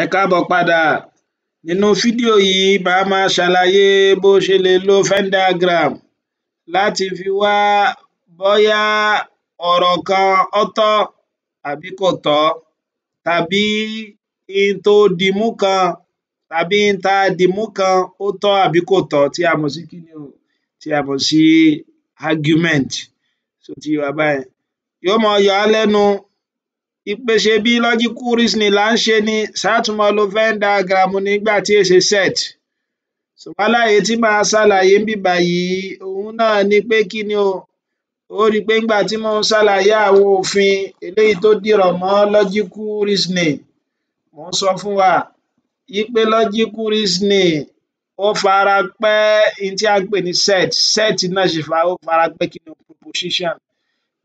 Ẹ káàbọ̀ padà nínú fídíò yìí màá ma ṣàlàyé bó o ṣe lè lo Venn diagram láti fi wá bóyá ọ̀rọ̀ kan ó tọ́ àbí kò tọ́ tàbí ohun tó dimú kan tàbí ohun tá a kan ó tọ́ àbí kò tọ́ tí a mọ̀ sí kí ni o tí a mọ̀ sí argument ṣó ti yé wa báyẹn yóò máa yọ á lẹ́nu ìpè ṣebí logical reasoning là ń ṣe ni ṣáà tún máa lo Venn diagram nígbà tí èé ṣe set ṣùgbọ́n àlàyé tí màá ṣàlàyé níbí báyìí òun náà ni pé kí ni o ó rí i pé nígbà tí mò ń ṣàlàyé àwọn òfin eléyìí tó dìrọ̀ mọ́ logical reasoning mò ń sọ fún wa wípé logical reasoning ó fara pẹ́ ohun tí à ń pè ní set set náà sì fara pẹ́ kí ni o proposition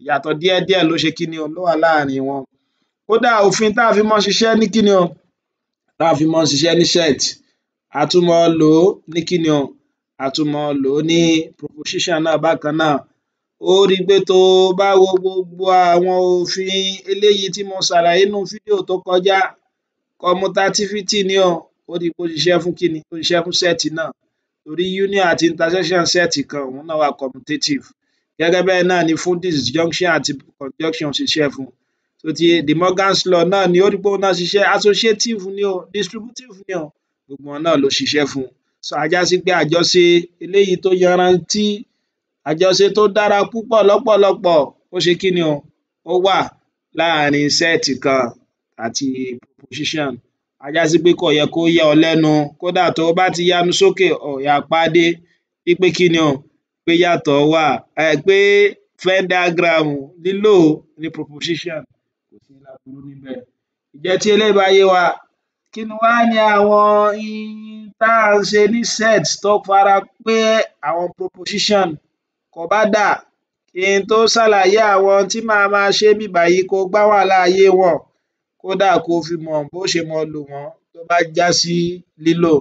ìyàtọ̀ díẹ̀díẹ̀ ló ṣe kí ni o ló wà láàrin wọn kódà òfin tá a fi mọ́ ṣiṣẹ́ ní kíni o tá a fi mọ́ ṣiṣẹ́ ní shirt a tún mọ́ lò ó ní kíni o a tún mọ́ lò ó ní proposition náà bákan náà ó rí i pé tó o bá wo gbogbo àwọn òfin eléyìí tí mo ṣàlàyé nínú fídíò tó kọjá commutativity ni o ó rí i pé ó ṣiṣẹ́ fún kíni ó ṣiṣẹ́ fún set náà torí union àti intersection set kan òun náà wà commutative gẹ́gẹ́ bẹ́ẹ̀ náà ni fún disjunction àti conjunction ṣiṣẹ́ fún un tó ti yé Morgan's law náà ni ó rí pé òun náà ṣiṣẹ́ associative ni o distributive ni o gbogbo wọn náà ló ṣiṣẹ́ fún un so ajá sí pé àjọṣe eléyìí tó yanrantí àjọṣe tó dára púpọ̀ lọ́pọ̀lọpọ̀ ó ṣe kí ni o ó wà láàrin sẹ́ẹ̀tì kan àti proposition ajá sí pé kò yẹ kó yà ọ́ lẹ́nu kódà tó o bá ti yanu sókè ọ̀yà pàdé wípé kí ni o pé yàtọ̀ wà pé Venn diagram lílò ní proposition kò sí láburú níbẹ̀. Ǹjẹ́ tí eléyìí bá yé wa, kí ni wá ni àwọn n tá à ń ṣe ní set tó fara pé àwọn proposition kọ̀bádà kí n tó ṣàlàyé àwọn tí màá máa ṣe níbí báyìí ko gbá wàhálà ayé wọn kódà ko fi mọ bó ṣe máa lò wọ́n tó bá já sí lílò.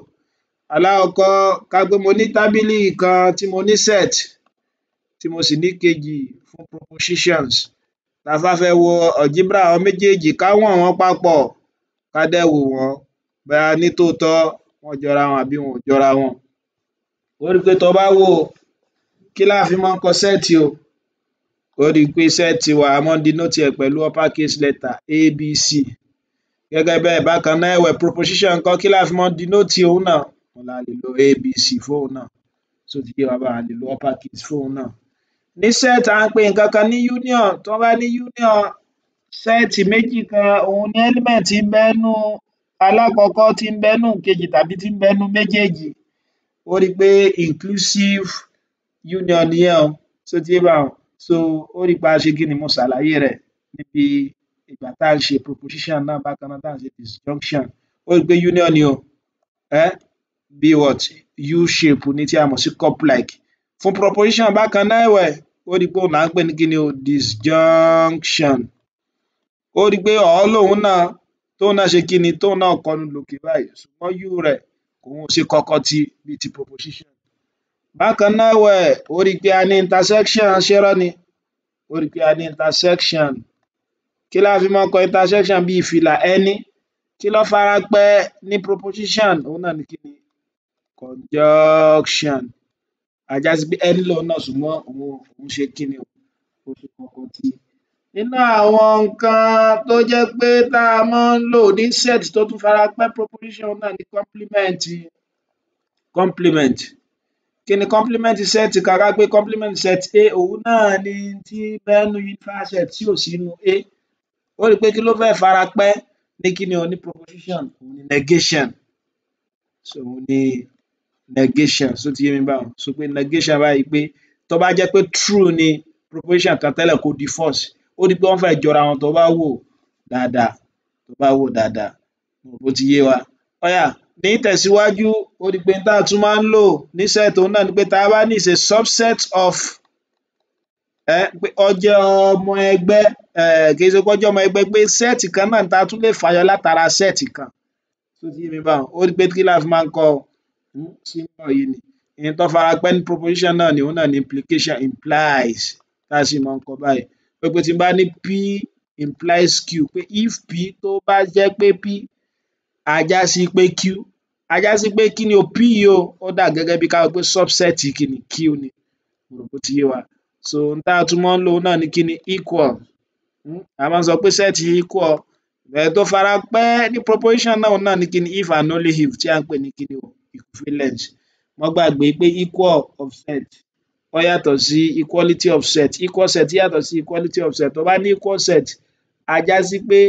Alákọ̀ọ́kọ́ ká pé mo ní tábìlì kan tí mo ní set tí mo sì ní ìkejì fún propositions tá a bá fẹ́ wo algebra àwọn méjèèjì ká wọ̀n wọ́n papọ̀ ká dẹ̀ wò wọ́n bóyá ní tòótọ́ wọ́n jọra wọn àbí wọn ò jọra wọn. Ó rí i pé tó o bá wò ó kí la fi máa ń kọ sẹ́ẹ̀tì o? Ó rí i pé sẹ́ẹ̀tì wa a máa ń denote ẹ̀ pẹ̀lú upper case letter ABC. Gẹ́gẹ́ bẹ́ẹ̀ bákan náà ẹ̀wẹ̀ proposition ńkọ́ kí la fi máa ń denote òun náà? Òun la lè lo ABC fóun náà, ṣó ti yé wa báyẹn? A lè lo upper case fóun náà ní set à ń pe nǹkan kan ní union tí bá ní union set méjì kan òun ni element tí ń bẹ nínú alákọ̀ọ́kọ́ tí ń bẹ nínú tàbí tí ń bẹ méjèèjì ó rí i pé inclusive union nìyẹn o ṣó ti yé báhun so ó rí i pé a ni mo ṣàlàyé rẹ̀ níbi ìgbà tá à ń ṣe proposition náà bákan náà tá à ń ṣe disjunction ó rí i pé union ni o um bí what u shape ni tí a mọ̀ sí cup like Fún proposition bákan náà ẹ̀wẹ̀, ó ri pé òhun là ń pè ní kíni o disjunction. Ó ri pé ọ̀ọ́ lòhun náà tóhun náà ṣe kíni tóhun náà kọnu lòkè báyìí ṣùgbọ́n u rẹ̀ òun ò ṣe kọkọtí bí ti proposition. Bákan náà ẹ̀wẹ̀, ó ri pé a ní intersection ṣé irọ́ ni, ó ri pé a ní intersection. Kí la fi mọ́ kọ intersection bí ìfìlà ẹni, kí ló fara pẹ́ ní proposition, òhun náà ni kíni conjunction ajá sí pé ẹni lòun náà ṣùgbọ́n òun òun ṣe kí ni o ṣe kọ̀ọ̀kan tí. nínú àwọn nǹkan tó jẹ́ pé tá a máa ń lò ní set tó tún fara pẹ́ proposition náà ni complement complement kí ni complement set kára pé complement set A òun náà ni tí bẹ́ẹ̀nu universal set tí ò sínú A ó rí i pé kí ló fẹ́ẹ́ fara pẹ́ ní kí ni o ní proposition òun ni negation so òun ni negation ṣó ti yé mi báwọn so pé negation báyìí pé tó bá jẹ́ pé true ni proposition kan tẹ́lẹ̀ kó di false ó di pé wọ́n fẹ́ jọra wọn tó bá wò dáadáa tó bá wò dáadáa bó ti yé wa ó yá ní tẹ̀síwájú ó di pé tá a tún máa ń lò ní set òun náà ni pé tá a bá ní is subset of pé ọjọ́ ọmọ ẹgbẹ́ kì í ṣe pé ọjọ́ ọmọ ẹgbẹ́ pé set kan náà tá a tún lè fàyọ látara set kan tó ti yé mi báwọn ó di pé kí la máa ń kọ ọ́. ṣe ń bọ̀ yìí ni ihun tó fara pẹ́ ní proposition náà ni òun náà ni implication implies tá a sì mọ̀ ń kọ báyìí pé pé tí bá ní p implies q pé if p tó bá jẹ́ pé p á já sí pé q á já sí pé kí ni o p yìí o ó dà gẹ́gẹ́ bí ká sọ pé subset kí ni q ni mo rò ti yé wa so ohun tá a tún mọ́ ń lò òun náà ni kí ni equal a máa ń sọ pé set equal ẹ̀ tó fara pẹ́ ní proposition náà òun náà ni kí ni if and only if tí à ń pè ní kí ni o equivalent má gbàgbé pé equal of set ó yàtọ̀ sí equality of set equal set yàtọ̀ sí equality of set tó bá ní equal set á já sí pé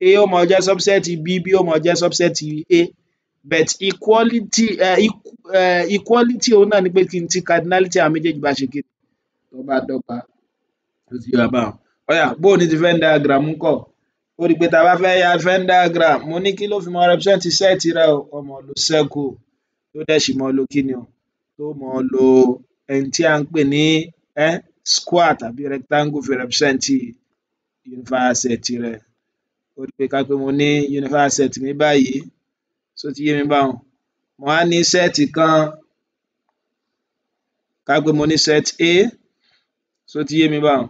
a ó máa jẹ́ subset b b ó máa jẹ́ subset a but equality uh, uh, equality òun náà ni pé kí n ti cardinality àwọn méjèèjì bá ṣe kiri tó bá dọ́gba tó ti yọ abáwọn ọyà bóò ní ti Venn diagram ń kọ ó pé tá bá fẹ́ ya Venn diagram mo ní kí ló fi mọ represent set rẹ o ọmọ ló ṣẹ́kù tó dẹ̀ ṣì mọ́ lo kíni o, tó mọ́ lo n tí à ń pè ní um square tàbí rectangle fi represent universal set rẹ̀. Ó ri pé ká pé mo ní universal set mi báyìí, ṣó ti yé mi báhun. Mo wá ní set kan, ká pé mo ní set A, ṣó ti yé mi báhun.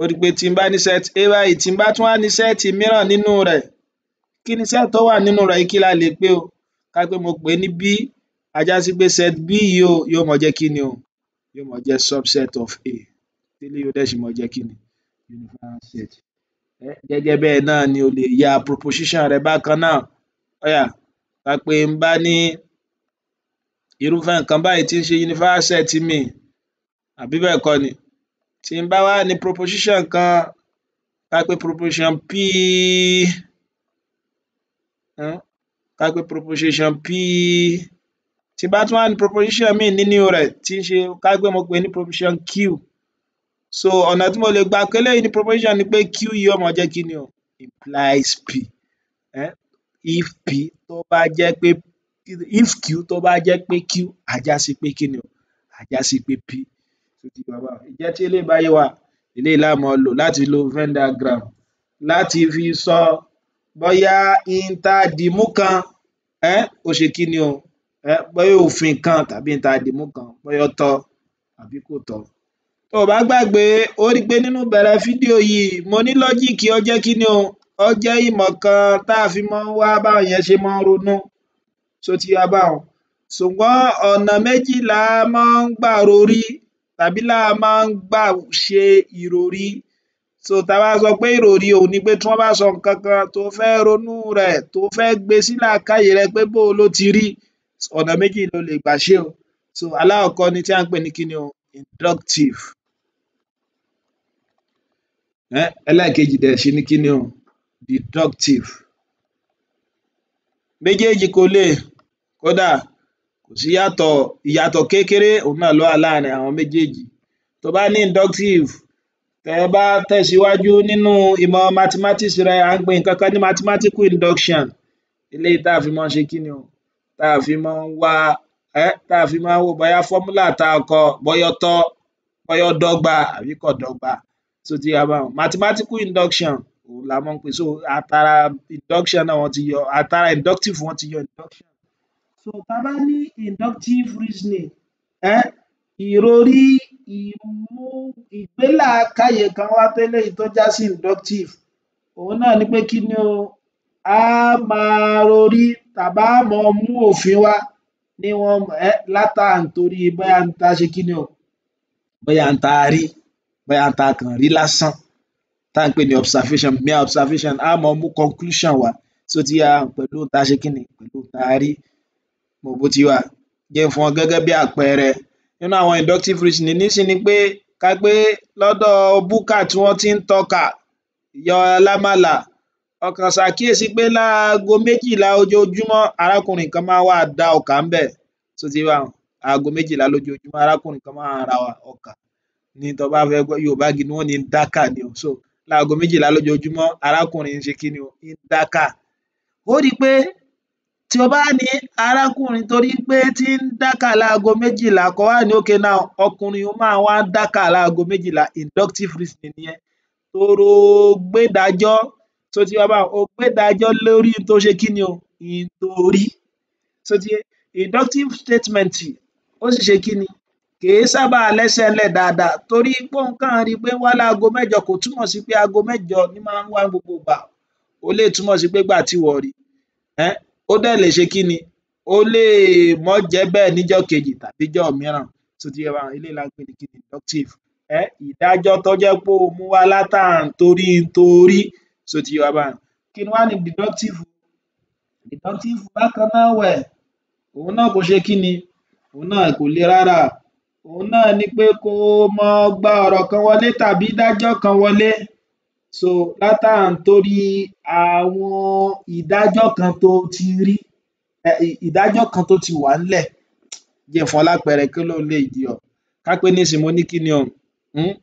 Ó di pé tí n bá ní set A báyìí, tí n bá tún wá ní set mìíràn nínú rẹ̀, kí ni set tó wà nínú rẹ̀ yìí, kí la lè pé o, ká pé mo pè é ní B a já sí pé set b yìí o yóò mọ jẹ́ kí ni o yóò mọ jẹ́ subset of a eléyìí ó dẹ̀ sì mọ jẹ́ kí ni uniform set gẹ́gẹ́ bẹ́ẹ̀ náà ni o lè ya proposition rẹ bákan náà ó yá ká pé n bá ní irúfẹ́ nǹkan báyìí tí ń ṣe uniform set mi àbí bẹ́ẹ̀ kọ́ ni tí n bá wá ní proposition kan ká pé proposition p ká pé proposition p tí bá tún wá ní proposition míì nínú rẹ̀ tí ń ṣe ká mo pè ní proposition q so ọ̀nà tí mo lè gbà pé eléyìí ní proposition ni pé q yìí ó jẹ́ kí ni o implies p eh? if p tó bá jẹ́ pé if q tó bá jẹ́ pé q á já sí pé kí ni o á sí pé p ìjẹ́ tí eléyìí bá yé wa eléyìí la máa lò láti lo Venn diagram láti fi sọ bóyá inter-dimu kan eh? ó ṣe kí ni o bóyá òfin kan tàbí ohun tá a dìmú kan bóyá ó tọ́ àbí kò tọ́. Tó o bá gbàgbé o ó rí i pé nínú ìbẹ̀rẹ̀ fídíò yìí mo ní lọ́jíìkì ó jẹ́ kíni o ó jẹ́ ìmọ̀ kan tá a fi máa ń wá báwọn èèyàn ṣe máa ń ronú ṣó ti yé wa Ṣùgbọ́n ọ̀nà méjì la máa ń gbà rorí tàbí la máa ń gbà ṣe ìròrí so tá a bá sọ pé ìròrí òhun ni pé tí wọ́n bá sọ nǹkan kan tó o fẹ́ ronú rẹ̀ tó fẹ́ gbe sí làákàyè rẹ pé bó o ló ti rí ọ̀nà méjì lo lè gbà ṣé o so alákọ̀ọ́kọ́ ni tí à ń pè ní kíni o inductive um ẹlẹ́ẹ̀kejì dẹ̀ ṣì ni kíni o deductive méjèèjì kò le kódà kò síyàtọ̀ ìyàtọ̀ kékeré òhun náà ló wà láàrin àwọn méjèèjì tó bá ní inductive tẹ́ ẹ bá tẹ̀síwájú nínú ìmọ̀ mathematics rẹ à ń pe nǹkan kan ní mathematical induction eléyìí tá a fi mọ́ ṣe kíni o tá a fi máa ń wá tá a fi máa ń wò bóyá fọ́múlà tá a kọ bóyá tọ́ bóyá dọ́gba àbí kò dọ́gba tó ti yá báwọn mathematical induction òun la máa ń pè so àtàrà induction náà wọ́n ti yọ àtàrà inductive wọ́n ti yọ induction so tá a bá ní inductive reasoning um ìròrí ìmú ìgbélàákàyè kan wá tẹ́lẹ̀ tó já sí inductive òun náà ni pé kí ni o á máa rorí tàbá mọ́ mú òfin wá ní wọ́n ẹ́ látà nítorí bóyá ń ta ṣe kí ni o bóyá ń ta rí bóyá ń ta kàn rí lásán tá à pè ní observation mere observation á mọ́ mú conclusion wa tí ó ti yá pẹ̀lú ta ṣe kí ni pẹ̀lú ta rí mo bó ti wà jẹ́ fún ọ gẹ́gẹ́ bí àpẹẹrẹ nínú àwọn inductive reasoning nísìn ni pé ká pé lọ́dọ̀ búkà tí wọ́n ti ń tọkà yọ lámàlà ọkàn ṣàkíyèsí pé láago méjìlá ojoojúmọ́ arákùnrin kan máa wá da ọkà ń bẹ̀ tó ti wá aago méjìlá lójoojúmọ́ arákùnrin kan máa ra ọkà ní tó bá fẹ́ gbọ́ Yorùbá gidi wọ́n ní dákà ni o so láago méjìlá lójoojúmọ́ arákùnrin ń ṣe kí ni o ń dákà ó rí i pé tí o bá ní arákùnrin torí pé tí ń dákà láago méjìlá kò wá ní okay now ọkùnrin ó máa wá dákà láago méjìlá inductive reasoning nìyẹn torò gbédájọ́ ṣó ti yé wa báhun o gbé ìdájọ́ lórí ohun tó ṣe o ohun tó ti inductive statement ó sì ṣe kíni kì í sábà lẹ́sẹ̀ ńlẹ̀ dáadáa torí pé òun kàn rí i pé wá láago mẹ́jọ kò túmọ̀ sí pé aago mẹ́jọ ní máa ń wá ní gbogbo ìgbà ó lè túmọ̀ sí pé ìgbà tí wọ́n rí i ó dẹ̀ lè ṣe kíni ó lè mọ́ jẹ́ bẹ́ẹ̀ níjọ́ kejì tàbí níjọ́ mìíràn tó ti wa eléyìí la ń pè ní inductive ìdájọ́ tó jẹ́ pé o mú wá látàntorí ntorí ṣó ti yé wa báyẹn. Kí ni wá ni deductive? Deductive bákan náà ẹ̀wẹ̀ òhun náà kò ṣe kí ni? Òhun náà kò le rárá. Òhun náà ni pé kó mọ́ gba ọ̀rọ̀ kan wọlé tàbí ìdájọ́ kan wọlé so látàntorí àwọn ìdájọ́ kan tó ti rí ìdájọ́ kan tó ti wà ńlẹ̀ jẹ́ n fún ọ lápẹẹrẹ kólóhùn lè yé ọ ká nísìnyí mo ní kí ni o um hmm?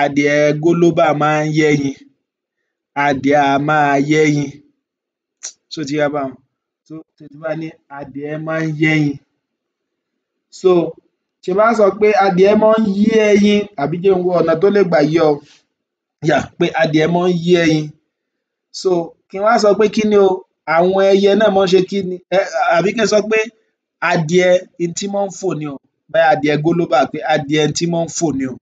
adìẹ gólóbà máa ń yẹ́yin adìẹ á máa yẹ́yin ṣó ti yé wa báhun so tí n bá ní adìẹ máa ń yẹ́yin so tí n bá sọ pé adìẹ máa ń yé ẹyin àbí jẹ́ n wo ọ̀nà tó lè gbà yé ọ yeah pé adìẹ máa ń yé ẹyin so kí n wá sọ pé kíni o àwọn ẹyẹ náà máa ń ṣe kíni àbí kí n sọ pé adìẹ n tí máa ń fò ni o bóyá adìẹ gólóbà pé adìẹ n tí máa ń fò ni o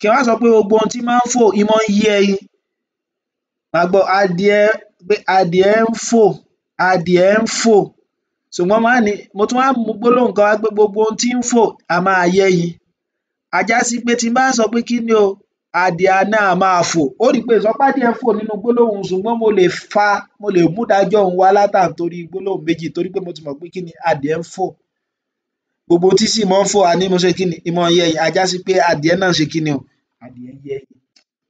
kí n wá sọ pé gbogbo ohun tí máa ń fò í máa ń yé ẹyin ma gbọ́ adìẹ pé adìẹ ń fò adìẹ ń fò ṣùgbọ́n ma wá ní mo tún wá mú gbólóhùn kan wá pé gbogbo ohun tí ń fò á máa yẹ́yin á já sí pé tí n bá sọ pé kí ni o adìẹ náà máa fò ó rí i pé ìsọ pé adìẹ fò nínú gbólóhùn ṣùgbọ́n mo lè fa mo lè mú ìdájọ́ òun wá látàntorí gbólóhùn méjì torí pé mo ti mọ̀ pé kí ni adìẹ ń fò gbogbo tí sì mọ́ ń fò á mo ṣe kí ni ìmọ̀ yẹ́yin á já sí pé adìẹ náà ṣe kí ni o adìẹ yẹ́yin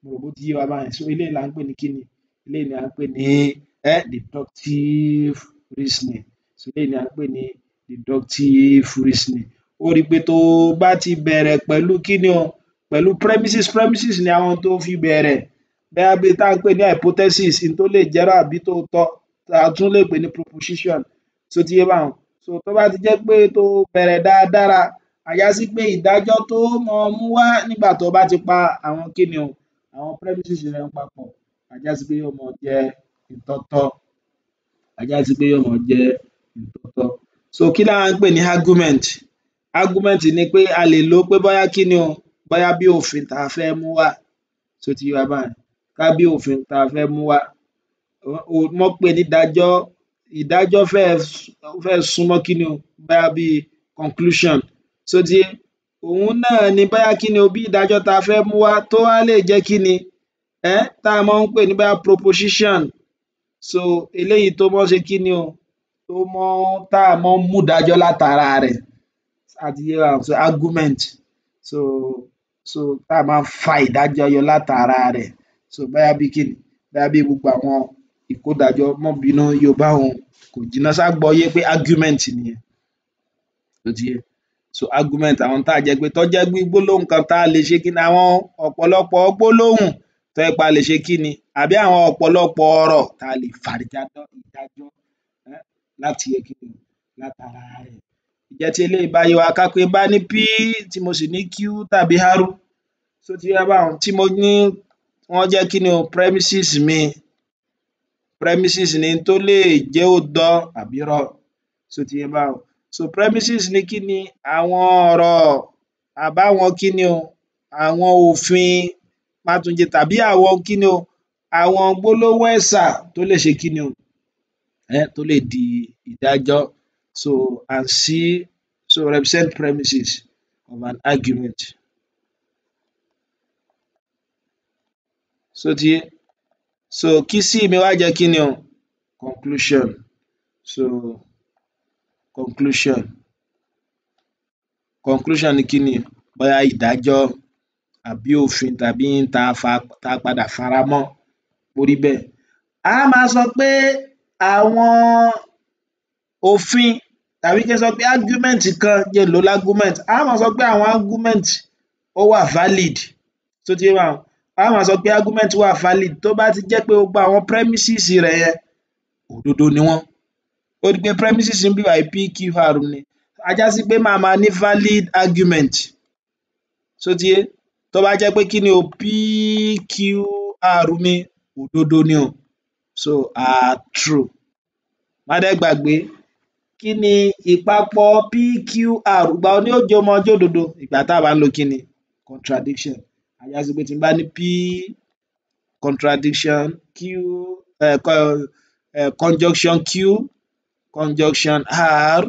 mo rò bó ti yé wa báyẹn so eléyìí là ń pè ní kí ni eléyìí ni à ń pè ní um deductive reasoning so eléyìí ni à ń pè ní deductive reasoning ó ri pé tó o bá ti bẹ̀rẹ̀ pẹ̀lú kíni o pẹ̀lú premises premises ni àwọn tó fi bẹ̀rẹ̀ bóyá bíi n tá ń pè ní hypothesis n tó lè jẹ́rọ́ àbí tóòtọ́ a tún lè pè ní proposition ṣó ti yé báhun so tó bá ti jẹ́ pé tó o bẹ̀rẹ̀ dáradára á já pé ìdájọ́ tó o máa mú wá nígbà tó bá ti pa àwọn ni o àwọn premises yẹn papọ̀ ajá sí pé yóò mọ jẹ́ ìtọ́tọ́ ajá sí pé yóò mọ jẹ́ ìtọ́tọ́ so kí là ń pè ní argument argument ni pé a lè lò ó pé bóyá kí ni o bóyá bí òfin tá a fẹ́ mú wá tó ti wá báyìí ká bí òfin tá a fẹ́ mú wá wọ́n pè ní ìdájọ́ ìdájọ́ fẹ́ súnmọ́ kí ni o bóyá bí conclusion So ti òun náà ni bóyá kí ni o bí ìdájọ́ tá a fẹ́ mú wá tó wá lè jẹ́ kí ni um tá a máa ń pè ní bóyá proposition so eléyìí tó mọ́ ń ṣe kíni o tó mọ́ tá a mọ́ mú ìdájọ́ látara rẹ̀ àti yé báhun so argument so so tá a máa ń fa ìdájọ́ yọ látara rẹ̀ so bóyá bí kíni bóyá bí gbogbo àwọn ìkódájọ́ mọ́ bínú Yorùbá òun kò jìnnà ságbọ́yé pé argument nìyẹn tó ti yé so argument àwọn tá a jẹ́ pé tó jẹ́ gbólóhùn kan tá a lè ṣe kíni àwọn ọ̀pọ̀lọpọ̀ gbólóhùn tó jẹ́ pé a lè ṣe kí ni àbí àwọn ọ̀pọ̀lọpọ̀ ọ̀rọ̀ tá a lè fàdájọ́ ìdájọ́ láti látara rẹ̀. Ǹjẹ́ tí eléyìí bá yé wa ká pé n bá ní p tí mo sì ní q tàbí r ṣó ti yé báhun tí mo ní wọ́n jẹ́ kí ni o premises mi premises ni n tó lè jẹ́ òótọ́ àbí irọ́ ṣó ti yé báhun so premises ni kí ni àwọn ọ̀rọ̀ àbáwọn kí ni o àwọn òfin mátunjẹ tàbí àwọn kíni o àwọn gbólóhùn ẹ̀sà tó lè ṣe kíni o um tó lè di ìdájọ́ so and see so represent premises of an argument. So ti so kí sí mi wá jẹ́ kíni o conclusion so conclusion conclusion ni kíni bóyá ìdájọ́ àbí òfin tàbí n tá a padà fara mọ́ ó rí bẹ́ẹ̀. A á máa sọ pé àwọn òfin tàbí kí n sọ pé argument kan jẹ́ n lò a máa sọ pé àwọn argument ó wà valid ṣó ti yé báhun, a máa sọ pé argument wà valid tó bá ti jẹ́ pé gbogbo àwọn premises rẹ̀ yẹn òdodo ni wọ́n. Ó di pé premises níbí bàyìí PQR ni, a sí pé màá ní valid argument ṣó ti tó bá jẹ́ pé kíni o PQR mi òdodo ni o so are ah, true má dẹ̀ gbàgbé kíni ìpapọ̀ PQR ìgbà wo ni yóò jẹ́ ó máa jẹ́ òdodo ìgbà tá bá ń lo kíni contradiction a já sí pé tí n bá ní P contradiction Q uh, conjunction Q conjunction R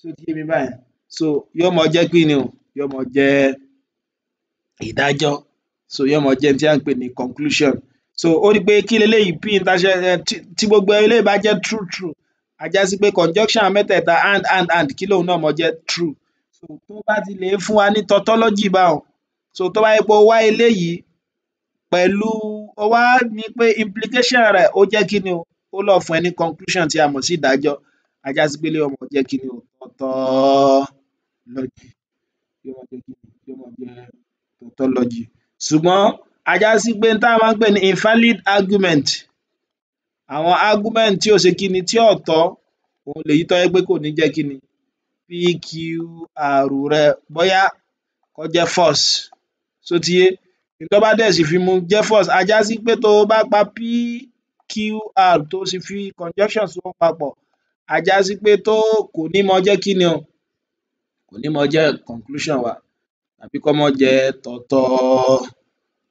So ti yé báyẹn so yóò máa jẹ́ kíni o yóò máa jẹ́ ìdájọ́ so yóò mọ jẹ́ ní tí à ń pè ní conclusion so ó rí i pé kí leléyìí p intersection tí gbogbo eléyìí bá jẹ́ true true a já sí pé conjunction mẹ́tẹ̀ẹ̀ta and and and kí lòun náà mọ jẹ́ true so tó bá ti lè fún wa ní tautology báwọn so tó bá yẹ pé ó wá eléyìí pẹ̀lú ó wá ní pé implication rẹ̀ ó jẹ́ kí ni o ó lọ fún ẹ ní conclusion tí a mọ̀ sí ìdájọ́ a pé eléyìí ó mọ jẹ́ kí ni o tautology yóò mọ jẹ́ kí ni yóò mọ jẹ́ pathology ṣùgbọ́n a já sí pé ohun a máa ń pè ní invalid argument àwọn argument tí ò ṣe kí ni tí ò tọ́ òhun lèyí tó jẹ́ pé kò ní jẹ́ kí ni PQR rẹ bóyá kó jẹ́ false ṣó ti yé èyí tó bá dẹ̀ sì fi mu jẹ́ false a já sí pé tó o bá pa PQR tó sì fi conjunctions wọn papọ̀ a já sí pé tó kò ní mọ jẹ́ kí ni o kò ní mọ jẹ́ conclusion wa tàbí kọ́ mọ́ jẹ tọ̀tọ̀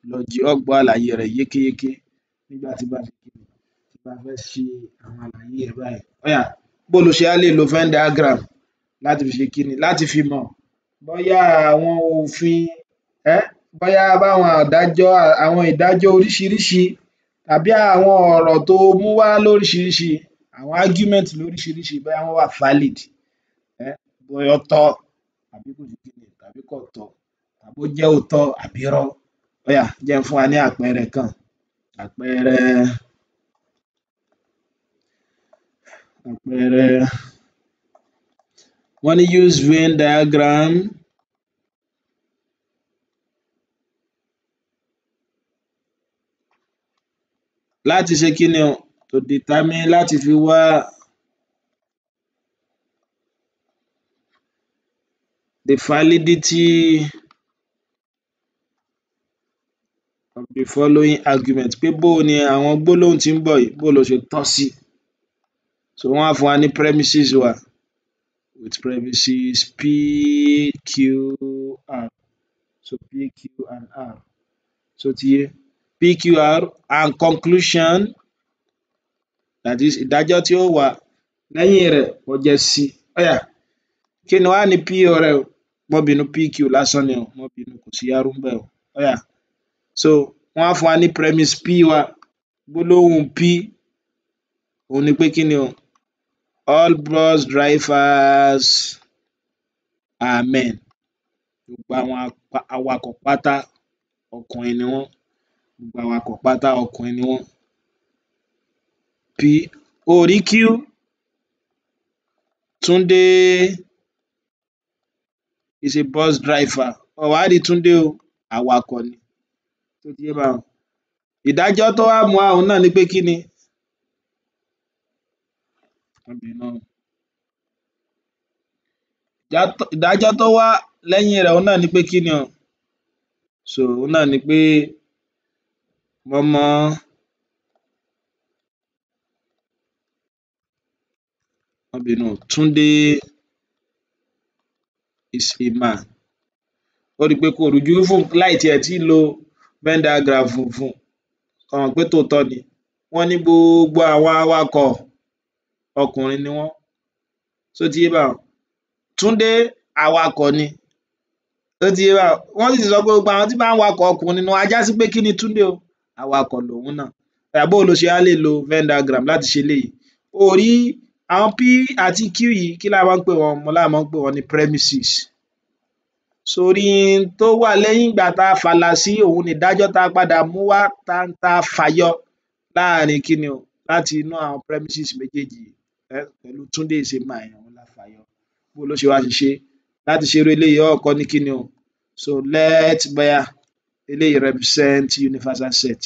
lọ́jì ọ́ gbọ́ àlàyé rẹ̀ yékéyéké nígbà tí bá tí bá fẹ́ ṣe àwọn àlàyé ẹ̀ báyìí óyá bó lo ṣe á lè lo Venn diagram láti fi ṣe kíni láti fi mọ̀ bóyá àwọn òfin um bóyá báwọn ìdájọ́ àwọn ìdájọ́ oríṣiríṣi tàbí àwọn ọ̀rọ̀ tó o mú wá lóríṣiríṣi àwọn argument lóríṣiríṣi bóyá wọ́n wà valid um bóyá ó tọ́ tàbí kò tọ́ àbó jẹ́ òótọ́ àbí irọ́ ó yá jẹ́ ń fún wa ní àpẹẹrẹ kan àpẹẹrẹ àpẹẹrẹ wọ́n ní use Venn diagram láti ṣe kí ni o to determine láti fi wá the validity of the following argument pé bó ni àwọn gbólóhùn tí ń bọ̀ yìí bó ló ṣe tọ́ sí so wọ́n á fún wa ní premises wa with premises p q r so p q and r so ti yé p q r and conclusion that is ìdájọ́ tí ó wà lẹ́yìn rẹ̀ ó jẹ́ sí ọ̀yà kí ni wàá ní p rẹ̀ o mọ́ p q lásán ni o mọ́ bínú kò sí yárú ń bẹ̀ o ọ̀yà so wọ́n á fún wa ní premise p wa gbólóhùn p òun ni pé kí ni o all bus drivers are men gbogbo àwọn awakọ̀ pátá ọkùnrin ni wọ́n gbogbo awakọ̀ pátá ọkùnrin ni wọ́n p o ò rí q Túndé is a bus driver o wá rí Túndé o awakọ̀ ni tó ti yé báhun ìdájọ́ tó wá mú wá òhun náà ni pé kíni ìdájọ́ tó wá lẹ́yìn rẹ̀ òhun náà ni pé kíni o so òhun náà ni pé wọ́n mọ́ má bínú o Túndé is ó ri pé kò rújú fún láì tiẹ̀ tí lo venn diagram funfun kàn mọ̀ pé tòótọ́ ni wọ́n ní gbogbo àwọn awakọ̀ ọkùnrin ni wọ́n ṣó ti yé báwọn Túndé awakọ̀ ni ṣó ti yé báwọn wọ́n sì ti sọ pé gbogbo àwọn tí bá ń wakọ̀ ọkùnrin ni wọ́n á já sí pé kí ni Túndé o awakọ̀ lòun náà tàbí bó lo ṣe á lè lo venn diagram láti ṣe eléyìí o rí àwọn p àti q yìí kí la ń pè wọ́n mo láà máa ń pè wọ́n ní premises sórí n tó wà lẹ́yìn ìgbà tá a fààlà sí òhun nìdájọ́ tá a padà mú wá tá a fàyọ láàrin kíni o láti inú àwọn premises méjèèjì yìí um pẹ̀lú Túndé Ìṣemáa yẹn la fàyọ. Bóo ló ṣe wá ṣiṣẹ́? Láti ṣe irú eléyìí ó ní kíni o so let bóyá eléyìí represent universal set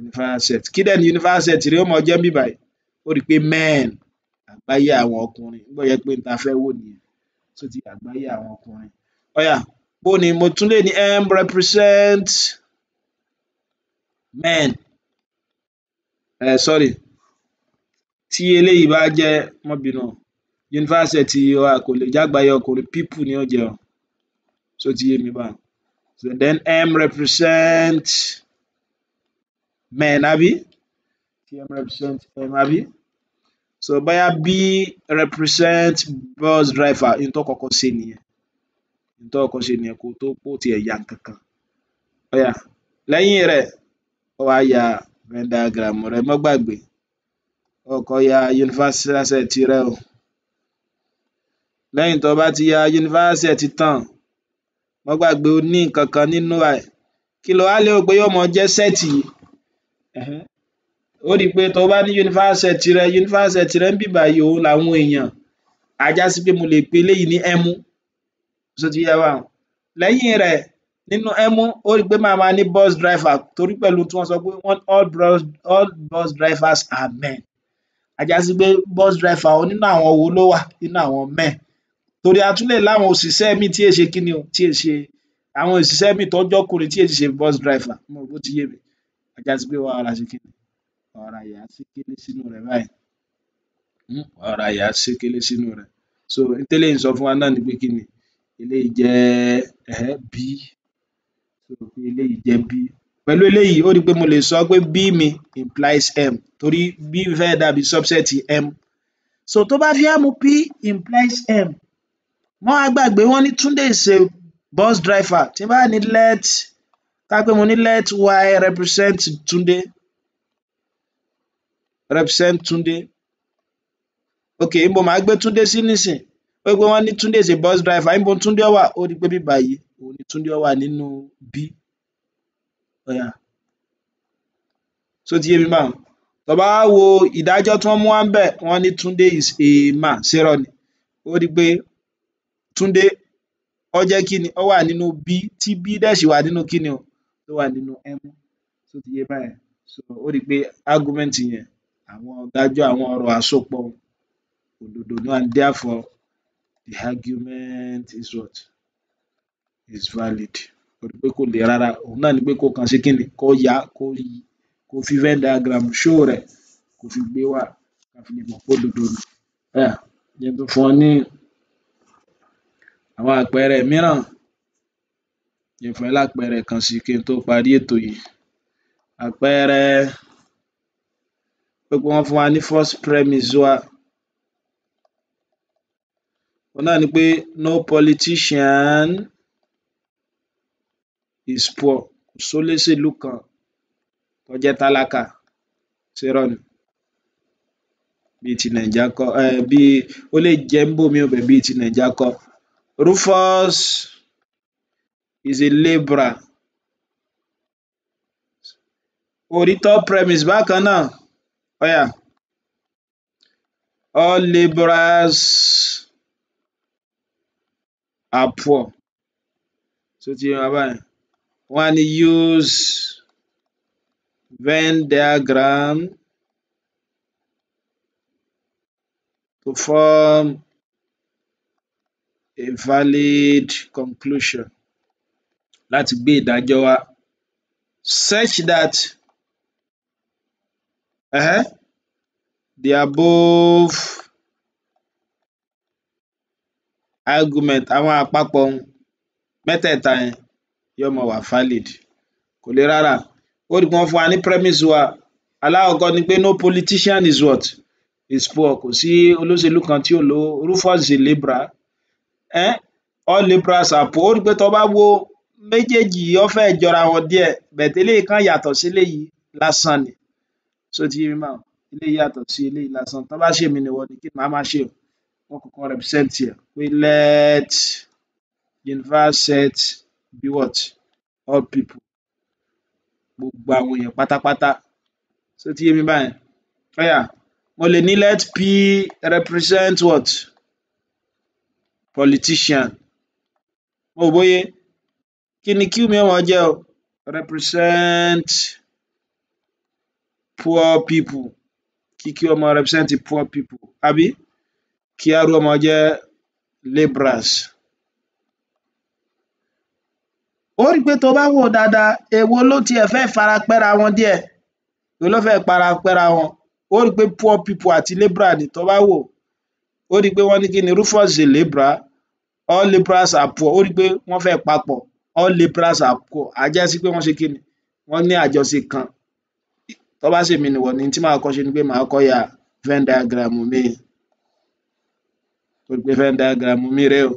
universal set. Kí dẹ̀ ni universal set rẹ̀ ó máa jẹ́ níbí báyìí? Ó ri pé men àgbáyé àwọn ọkùnrin bó ṣe pé n ta fẹ́ wò nìyẹn tó ti àgbáyé àwọn ọkùnrin ọ̀yà bó ni mo tún lè ní m represent men eh, sorry tí eléyìí bá jẹ́ mọ́ bínú yunifásítì wa kò lè jágbáyé ọkùnrin people ni ó jẹ́ o so ti yé mi báyìí so then m represent men àbí m represent men àbí so bóyá b represent bus driver n tó kọ́kọ́ ṣe nìyẹn n tó kọ́kọ́ ṣe nìyẹn kó tó kó tiẹ̀ ya kankan ó yá lẹ́yìn rẹ̀ ó wá ya Venn diagram rẹ̀ má gbàgbé ó kọ́ ya universal set rẹ̀ o lẹ́yìn tó bá ti ya universal tán má o ní nǹkan kan nínú ẹ̀ kí lo wá lérò pé yóò mọ jẹ́ set yìí ó ri pé tó bá ní yunifásítì rẹ yunifásítì rẹ ń bì báyìí òun làwọn èèyàn á já sí pé mo lè pe eléyìí ní ẹmu ṣó ti yé báwọn lẹ́yìn rẹ̀ nínú ẹmu ó rí pé màá ní bus driver torí pẹ̀lú tí wọ́n sọ pé wọ́n all bus all bus drivers are men á sí pé bus driver òun nínú àwọn wo ló wà nínú àwọn men torí a tún lè láwọn òṣìṣẹ́ míì tí èé ṣe kíni o tí èé ṣe àwọn òṣìṣẹ́ míì tó jọ́kùnrin tí èé bus driver mo rò bó ti yé mi á sí pé wàhálà ṣe kíni wàá rọra yà sínú rẹ̀ báyìí um wàá rọra sínú rẹ̀ so n téléyìí ń sọ fún wa náà ni pé kí ni eléyìí jẹ́ um b so eléyìí jẹ́ b pẹ̀lú eléyìí ó rí i pé mo lè sọ pé b mi implies m torí b fẹ́ẹ́ dàbí subset m so tó bá fi m p implies m wọ́n á gbàgbé wọ́n ní Túndé is a bus driver tí bá ní let ká pé mo ní let y represent Túndé represent Túndé ok níbo màá gbé tunde sí nísìn ó rí i pé wọ́n ní Túndé is a bus driver níbo tunde wà ó rí i pé bíbá yìí òun ni Túndé wà nínú B ó yá ṣó ti yé mi báwọn tó bá wá wo ìdájọ́ tí wọ́n mú wá ńbẹ̀ wọ́n ní Túndé is a man ṣé ni ó rí i pé Túndé ó jẹ́ kí ni ó wà nínú B tí B dẹ̀ sì wà nínú kí ni o ló wà nínú M so ti yé báyẹn so ó rí i pé argument yẹn àwọn ìdájọ́ àwọn ọ̀rọ̀ àsopọ̀ òdodo náà and therefore the argument is what is valid o rí i pé kò le rárá òun náà ni pé kó kàn ṣe kí ni kó ya kó rí kó fi Venn diagram show rẹ̀ kó fi gbé wá ká fi lè mọ̀ pé òdodo ni jẹ́ n tún fún ọ ní àwọn àpẹẹrẹ mìíràn jẹ́ lápẹẹrẹ kan sí kí n tó parí ètò yìí àpẹẹrẹ pé wọ́n fún wa ní first premise wa òun náà ni pé no politician is poor kò sólóṣèlú kan tó jẹ́ tálákà ṣèrọ ni bíi ti Nàìjíríà kọ́ um bíi ó lè jẹ́ níbòmíì ò bẹ́ẹ̀ bíi ti Nàìjíríà kọ́ Rufus is a labourer òrítọ́ premise bákan náà. Ọ̀yà oh, all labourers are poor. So ti yé wa báyẹn? Wọ́n á ní use Venn to form a valid conclusion láti gbé ìdájọ́ wá such that um the above argument àwọn àpapọ̀ um mẹ́tẹ̀ẹ̀ta yẹn yóò máa wà valid kò le rárá ó rí i pé wọ́n fún wa ní premise wa alákọ̀ọ́kọ́ ni pé no politician is what is poor kò sí olóṣèlú kan tí ò lówó Rufus is a labourer um all labourers are poor ó rí i pé tó bá wo méjèèjì yìí ó fẹ́ẹ̀ jọra wọn díẹ̀ but eléyìí kàn yàtọ̀ sí eléyìí lásán ni so ti yé mi báwọn eléyìí yàtọ̀ sí eléyìí lásán tó bá ṣèmi nìwọ ni kí màá máa ṣe o wọn kò kàn represent ẹ pé let universe set be what all people gbogbo àwọn èèyàn pátápátá so ti yé mi báyẹn ọyà mo lè ní let p represent what politician mo bóyé kí ni q mi wọn jẹ o represent poor people kiki kí ó máa represent poor people abi, kí r ó máa jẹ́ labourers ó rí i pé tó bá wò dáadáa èwo ló tiẹ̀ fẹ́ fara pẹ́ra wọn díẹ̀ èwo ló fẹ́ para pẹ́ra wọn ó rí i pé poor people àti labourer ni tó bá wò ó rí i pé wọ́n ní kí ni Rufus is a labourer all labourers are poor ó rí i pé wọ́n fẹ́ papọ̀ all labourers are poor á pé wọ́n ṣe kí ni wọ́n ní àjọṣe kan tó bá ṣèmi nìwọ ni tí màá kọ́ ṣe ni pé màá kọ́ ya Venn diagram mi torí pé Venn diagram mi rèé o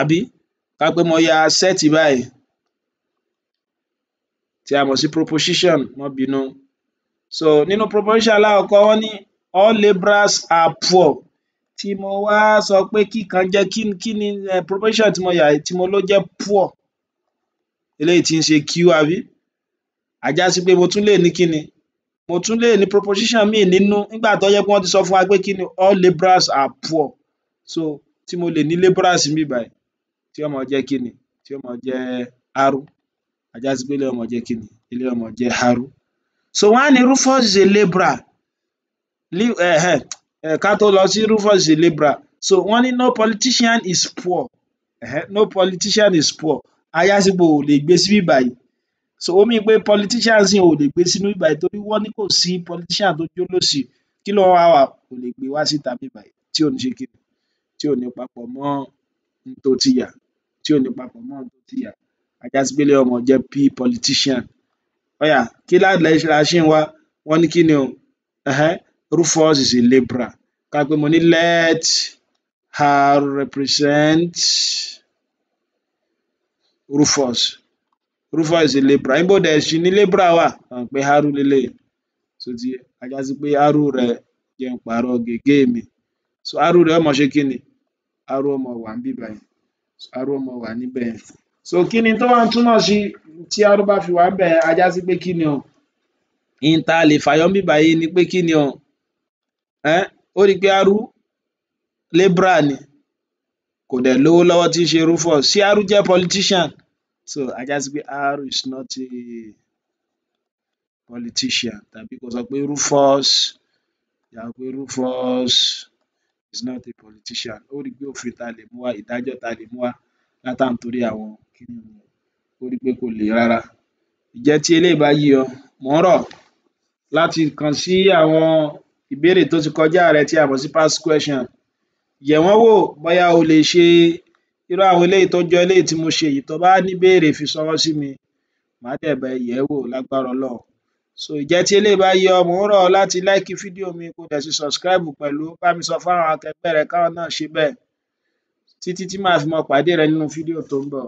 àbí ká pé mo ya sẹ́ẹ̀tì báyìí tí a mọ̀ sí proposition má bínú so nínú proposition alákọ̀ọ́kọ́ wọ́n ní all labourers are poor tí mo wá sọ pé kíkan jẹ́ kí kí ni eh, proposition tí mo yà tí mo ló jẹ́ poor eléyìí tí ń ṣe q àbí àjá sí pé mo tún lè ní kíni mo tún lè ní proposition míì nínú nígbà tó jẹ́ pé wọ́n ti sọ fún wa pé kíni all labourers are poor so tí mo lè ní labourers níbí báyìí tí ó jẹ́ kíni tí ó jẹ́ haru àjá sí pé eléyìí ó máa jẹ́ kíni eléyìí ó jẹ́ haru so wọ́n á ní Rufus is a labourer eh, eh, eh, ká tó lọ sí Rufus is a labourer so wọ́n ní no politician is poor uh -huh. no politician is poor Ayásígbò ò lè gbé síbí báyìí so ó mean pé politicians yẹn ò lè gbé sínú ibí bàyìí torí wọ́n ní kò sí politician tó jólòsì kí ló wá wà kò lè gbé wá síta níbí bàyìí tí ò ní ṣe kíni tí ò ní papọ̀ mọ́ n tó ti yà tí ò ní papọ̀ mọ́ n tó ti yà àjàsígbélé ọmọ jẹ́ p politician ọ̀yà kí la ṣe ń wá wọ́n ní kíni o Rufus is a labourer ká pé mo ní let her represent Rufus Rufus is a labourer níbo dẹ̀ sì ni labourer wà a mọ̀ pé Aru leléyìí ṣó ti yé a já sí pé Aru rẹ jẹ́ n pààrọ̀ gègé mi so haru rẹ ó máa ṣe kíni Aru ó máa wà níbí báyìí Aru ó máa wà níbẹ̀ yẹn so kini tó wá ń túmọ̀ sí tí Aru bá fi wà ńbẹ̀ yẹn a já o n tá a lè fàyọ ni pé kini o um ó rí i pé labourer ni kò dẹ̀ lówó lọ́wọ́ tí í ṣe Rufus ṣé Aru jẹ́ politician so á já sí pé is not a politician tàbí kó sọ pé Rufus yà pé Rufus is not a politician ó rí i pé òfin ta lè mú wá ìdájọ́ ta lè mú wá látàntorí àwọn kíni ó rí i pé kò le rárá ǹjẹ́ tí eléyìí bá yé ọ mò rọ̀ láti kàn sí àwọn ìbéèrè tó ti kọjá rẹ tí a mọ̀ sí past question yẹ̀ wọ́n wò bóyá o lè ṣe irú àwọn eléyìí tó jọ eléyìí tí mo ṣe yìí tó bá ní ìbéèrè fi ṣọwọ́ sí mi màá dẹ̀ bá ẹ wò lágbára Ọlọ́run so ìjẹ́ tí eléyìí bá yé ọ mò ń rọ̀ ọ́ láti láìkí fídíò mi kó dẹ̀ sì sọ̀sìkírábù pẹ̀lú bá mi sọ fáwọn akẹgbẹ́ rẹ káwọn náà ṣe bẹ́ẹ̀ títí tí màá fi máa pàdé rẹ nínú fídíò tó ń bọ̀